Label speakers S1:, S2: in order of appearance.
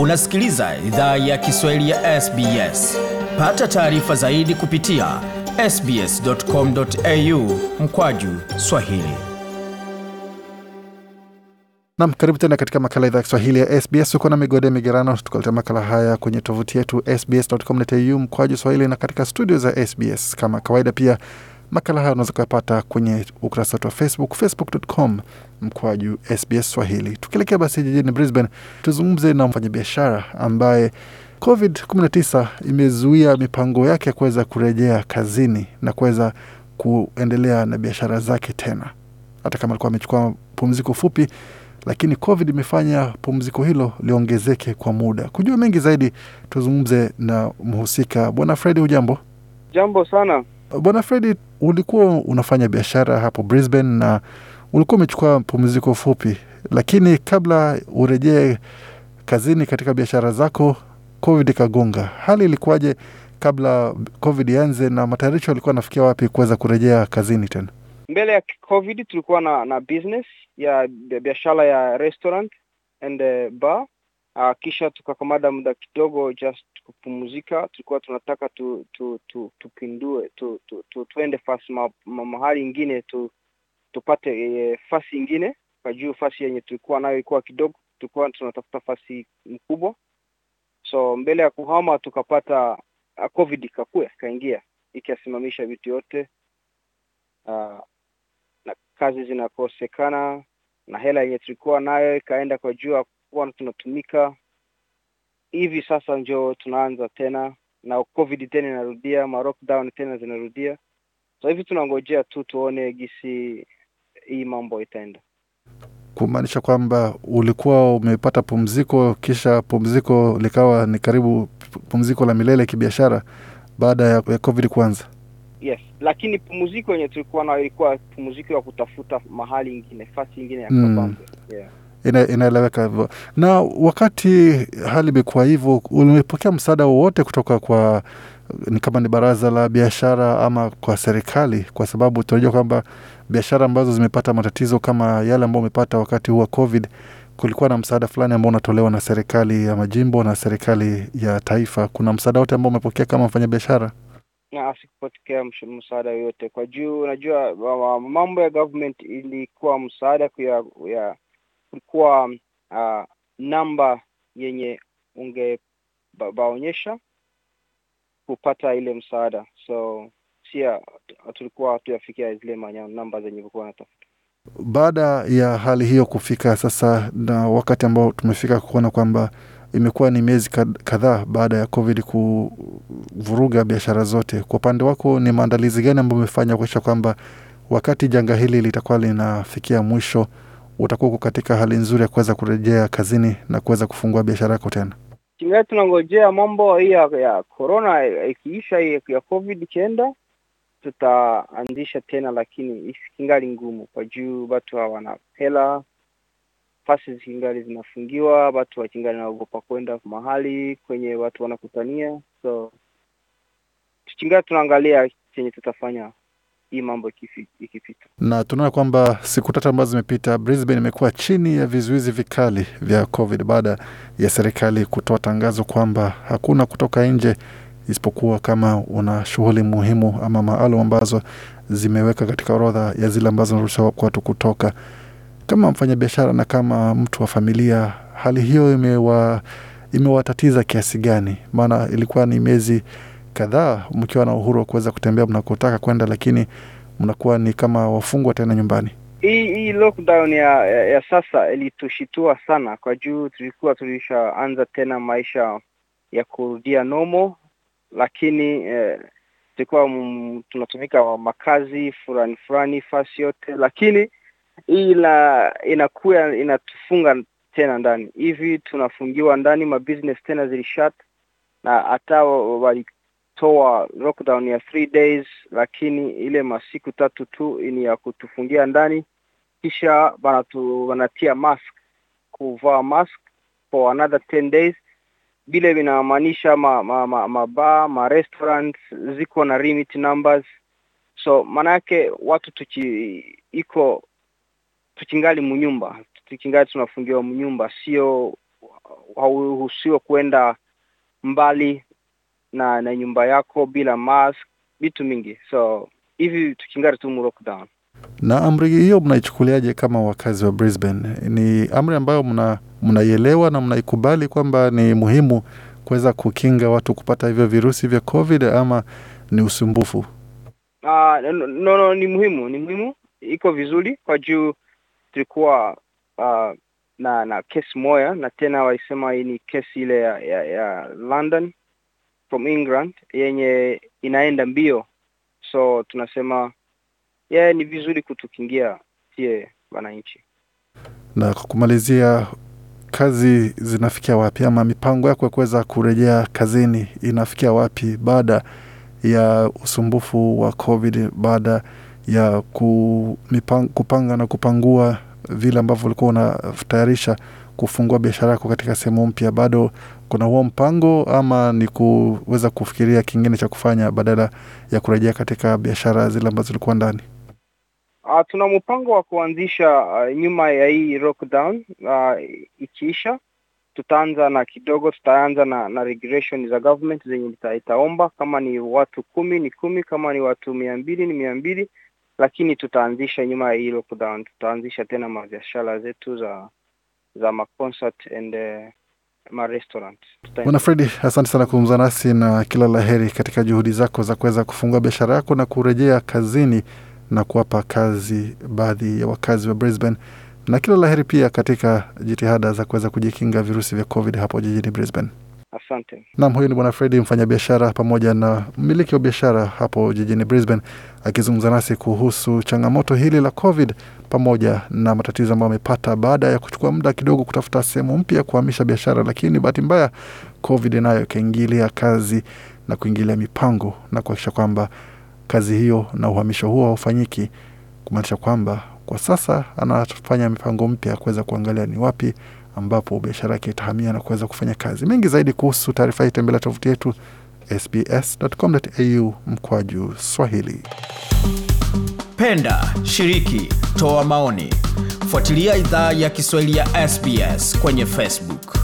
S1: Unasikiliza idhaa ya Kiswahili ya SBS. Pata taarifa zaidi kupitia sbs.com.au mkwaju swahili.
S2: Nam, karibu tena katika makala idhaa ya Kiswahili ya SBS. huko na migode migerano, tukaletea makala haya kwenye tovuti yetu sbs.com.au mkwaju swahili na katika studio za SBS kama kawaida pia Makala hayo unaweza kuyapata kwenye ukurasa wetu wa Facebook, facebook.com mkwaju SBS Swahili. Tukielekea basi jijini Brisbane, tuzungumze na mfanyabiashara ambaye COVID-19 imezuia mipango yake ya kuweza kurejea kazini na kuweza kuendelea na biashara zake tena, hata kama alikuwa amechukua pumziko fupi, lakini COVID imefanya pumziko hilo liongezeke kwa muda. Kujua mengi zaidi, tuzungumze na mhusika. Bwana Fredi, hujambo?
S1: Jambo sana.
S2: Bwana Fredi, ulikuwa unafanya biashara hapo Brisbane na ulikuwa umechukua pumziko fupi, lakini kabla urejee kazini katika biashara zako, Covid ikagonga. Hali ilikuwaje kabla Covid ianze na matayarisho yalikuwa anafikia wapi kuweza kurejea kazini tena?
S1: Mbele ya Covid tulikuwa na, na business ya biashara ya restaurant and uh, bar uh, kisha tukakamada muda kidogo just kupumzika, tulikuwa tunataka tu, tu, tu, tupindue tu, tu, tu, tuende fasi ma, mahali ingine tu, tupate e, fasi ingine kwa juu fasi yenye tulikuwa nayo ilikuwa kidogo, tulikuwa tunatafuta fasi mkubwa. So mbele ya kuhama tukapata a, ah, COVID ikakuya ikaingia ikasimamisha vitu yote uh, na kazi zinakosekana na hela yenye tulikuwa nayo ikaenda kwa juu, kuwa tunatumika hivi sasa njo tunaanza tena na covid tena inarudia ma lockdown tena zinarudia so hivi tunangojea tu tuone gisi hii mambo itaenda
S2: kumaanisha kwamba ulikuwa umepata pumziko kisha pumziko likawa ni karibu pumziko la milele kibiashara baada ya, ya covid kuanza
S1: yes lakini pumziko yenye tulikuwa nayo ilikuwa pumziko ya kutafuta mahali ingine fasi ingine ya mm. yeah
S2: ina, inaeleweka hivyo. Na wakati hali imekuwa hivyo, umepokea msaada wowote kutoka kwa ni kama ni baraza la biashara ama kwa serikali, kwa sababu tunajua kwamba biashara ambazo zimepata matatizo kama yale ambao umepata wakati huu wa COVID, kulikuwa na msaada fulani ambao unatolewa na serikali ya majimbo na serikali ya taifa. Kuna msaada wote ambao umepokea kama mfanyabiashara?
S1: Na sikupokea msaada yoyote kwa juu, unajua mambo ya government ilikuwa msaada ya, ya kulikuwa uh, namba yenye ungebaonyesha ba kupata ile msaada so sia tulikuwa hatuyafikia zile manya namba zenye kuwa natafuta
S2: baada ya hali hiyo kufika sasa na wakati ambao tumefika kuona kwamba imekuwa ni miezi kadhaa baada ya covid kuvuruga biashara zote kwa upande wako ni maandalizi gani ambayo umefanya kuakisha kwamba wakati janga hili litakuwa linafikia mwisho utakuwa uko katika hali nzuri ya kuweza kurejea kazini na kuweza kufungua biashara yako tena?
S1: Kingali tunangojea mambo hii ya corona ikiisha, ya covid kenda tutaanzisha tena, lakini kingali ngumu kwa juu watu hawana hela, fasi zikingali zinafungiwa, watu wakingali wanaogopa kwenda mahali kwenye watu wanakutania, so tukingali tunaangalia chenye tutafanya hii mambo
S2: ikipita. Na tunaona kwamba siku tatu ambazo zimepita, Brisbane imekuwa chini ya vizuizi vikali vya COVID baada ya serikali kutoa tangazo kwamba hakuna kutoka nje isipokuwa kama una shughuli muhimu ama maalum ambazo zimeweka katika orodha ya zile ambazo zinaruhusiwa kwa watu kutoka. Kama mfanyabiashara na kama mtu wa familia, hali hiyo imewa imewatatiza kiasi gani? Maana ilikuwa ni miezi kadhaa mkiwa na uhuru wa kuweza kutembea mnakotaka kwenda, lakini mnakuwa ni kama wafungwa tena nyumbani.
S1: Hii hii lockdown ya, ya, ya sasa ilitushitua sana, kwa juu tulikuwa tulishaanza tena maisha ya kurudia nomo, lakini eh, tulikuwa tunatumika makazi fulani fulani fasi yote, lakini hii inakuwa inatufunga tena ndani hivi, tunafungiwa ndani, mabusiness tena zilishat na hata kutoa lockdown ya three days, lakini ile masiku tatu tu ni ya kutufungia ndani, kisha banatu, banatia mask kuvaa mask for another ten days. Bile vinamaanisha mabaa ma, ma, ma, ma, ma restaurants ziko na limit numbers, so maanayake watu tuchi iko tuchingali mnyumba tuchingali tunafungiwa mnyumba sio hauruhusiwe kuenda mbali na na nyumba yako bila mask, vitu mingi. So hivi tukingari tu lockdown.
S2: Na amri hiyo mnaichukuliaje kama wakazi wa Brisbane? Ni amri ambayo mna mnaielewa na mnaikubali kwamba ni muhimu kuweza kukinga watu kupata hivyo virusi vya COVID ama ni usumbufu?
S1: Uh, no, no, no, ni muhimu, ni muhimu, iko vizuri kwa juu tulikuwa uh, na na kesi moja na tena walisema hii ni kesi ile ya, ya, ya London from England yenye inaenda mbio, so tunasema yeye yeah, ni vizuri kutukingia sie wananchi.
S2: Na kwa kumalizia, kazi zinafikia wapi ama mipango yako ya kuweza kurejea kazini inafikia wapi baada ya usumbufu wa COVID, baada ya kupanga na kupangua vile ambavyo ulikuwa unatayarisha kufungua biashara yako katika sehemu mpya, bado kuna huo mpango ama ni kuweza kufikiria kingine cha kufanya badala ya kurejea katika biashara zile ambazo zilikuwa ndani?
S1: Uh, tuna mpango wa kuanzisha uh, nyuma ya hii lockdown uh, ikiisha, tutaanza na kidogo, tutaanza na, na regulation za government zenye itaomba kama ni watu kumi ni kumi, kama ni watu mia mbili ni mia mbili, lakini tutaanzisha nyuma ya hii lockdown, tutaanzisha tena mabiashara zetu za za ma concert and uh, ma Bwana Fredi,
S2: asante sana kuzungumza nasi na kila la heri katika juhudi zako za kuweza kufungua biashara yako na kurejea kazini na kuwapa kazi baadhi ya wakazi wa Brisbane na kila la heri pia katika jitihada za kuweza kujikinga virusi vya COVID hapo jijini Brisbane. Asante. nam huyu ni Bwana Fredi, mfanyabiashara pamoja na mmiliki wa biashara hapo jijini Brisbane, akizungumza nasi kuhusu changamoto hili la COVID pamoja na matatizo ambayo amepata baada ya kuchukua muda kidogo kutafuta sehemu mpya ya kuhamisha biashara, lakini bahati mbaya COVID nayo ikaingilia kazi na kuingilia mipango na kuhakikisha kwamba kazi hiyo na uhamisho huo haufanyiki, kumaanisha kwamba kwa sasa anafanya mipango mpya ya kuweza kuangalia ni wapi ambapo biashara yake itahamia na kuweza kufanya kazi. Mengi zaidi kuhusu taarifa hii, tembelea tovuti yetu sbs.com.au mkwaju Swahili.
S1: Penda, shiriki, toa maoni, fuatilia idhaa ya Kiswahili ya SBS kwenye Facebook.